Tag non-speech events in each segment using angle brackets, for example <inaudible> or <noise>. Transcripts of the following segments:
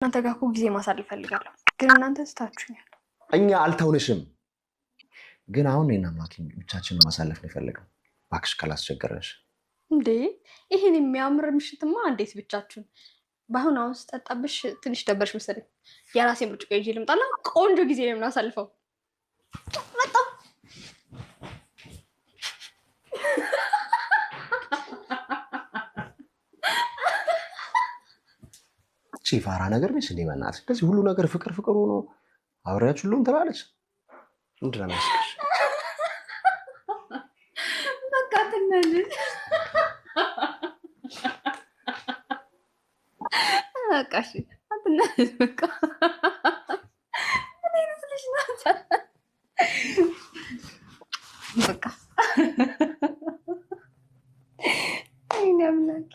እናንተ ጋር እኮ ጊዜ ማሳለፍ ፈልጋለሁ፣ ግን እናንተ ስታችሁኛል። እኛ አልተውንሽም፣ ግን አሁን እኔና ማኪ ብቻችንን ማሳለፍ ነው እባክሽ ካላስቸገረሽ። እንዴ ይህን የሚያምር ምሽትማ እንዴት ብቻችሁን? በአሁን አሁን ስጠጣብሽ ትንሽ ደበርሽ መሰለኝ። የራሴን ብርጭቆ ይዤ ልምጣና ቆንጆ ጊዜ ነው የምናሳልፈው። ፋራ ነገር ነች እንዴ? በእናትህ እንደዚህ ሁሉ ነገር ፍቅር ፍቅር ሆኖ አብሬያችሁ ሁሉም ትላለች። ምንድን ነው የሚያስቅሽ? በቃ ትናለች። በቃ እሺ አትናለች። በቃ በቃ እኔ አምላኬ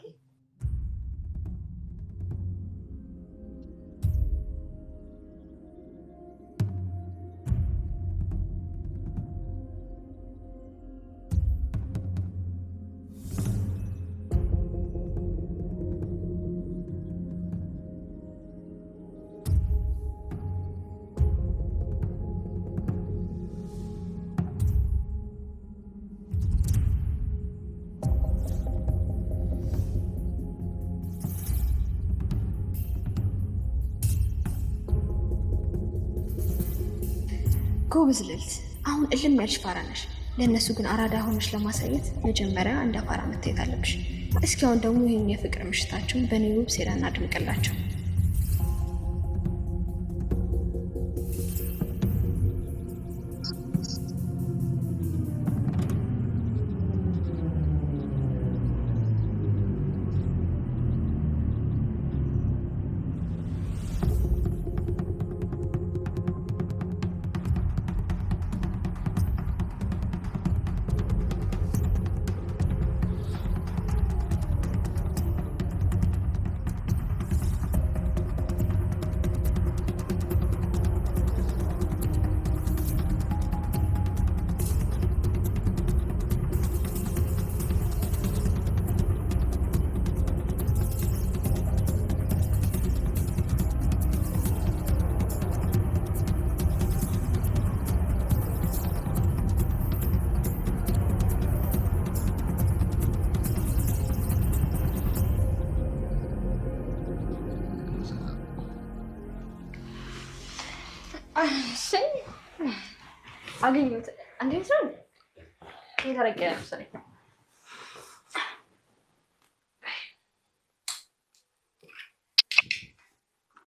ጎበዝ ልዕልት፣ አሁን እልም ያልሽ ፋራ ነሽ። ለእነሱ ግን አራዳ ሆነሽ ለማሳየት መጀመሪያ እንደ ፋራ መታየት አለብሽ። እስኪ አሁን ደግሞ ይህን የፍቅር ምሽታቸውን በኔ ውብ ሴራ እናድምቅላቸው። <sighs> <sighs> I'll give you. Sí. Alguien, ¿alguien son? ¿Qué es lo que quieres?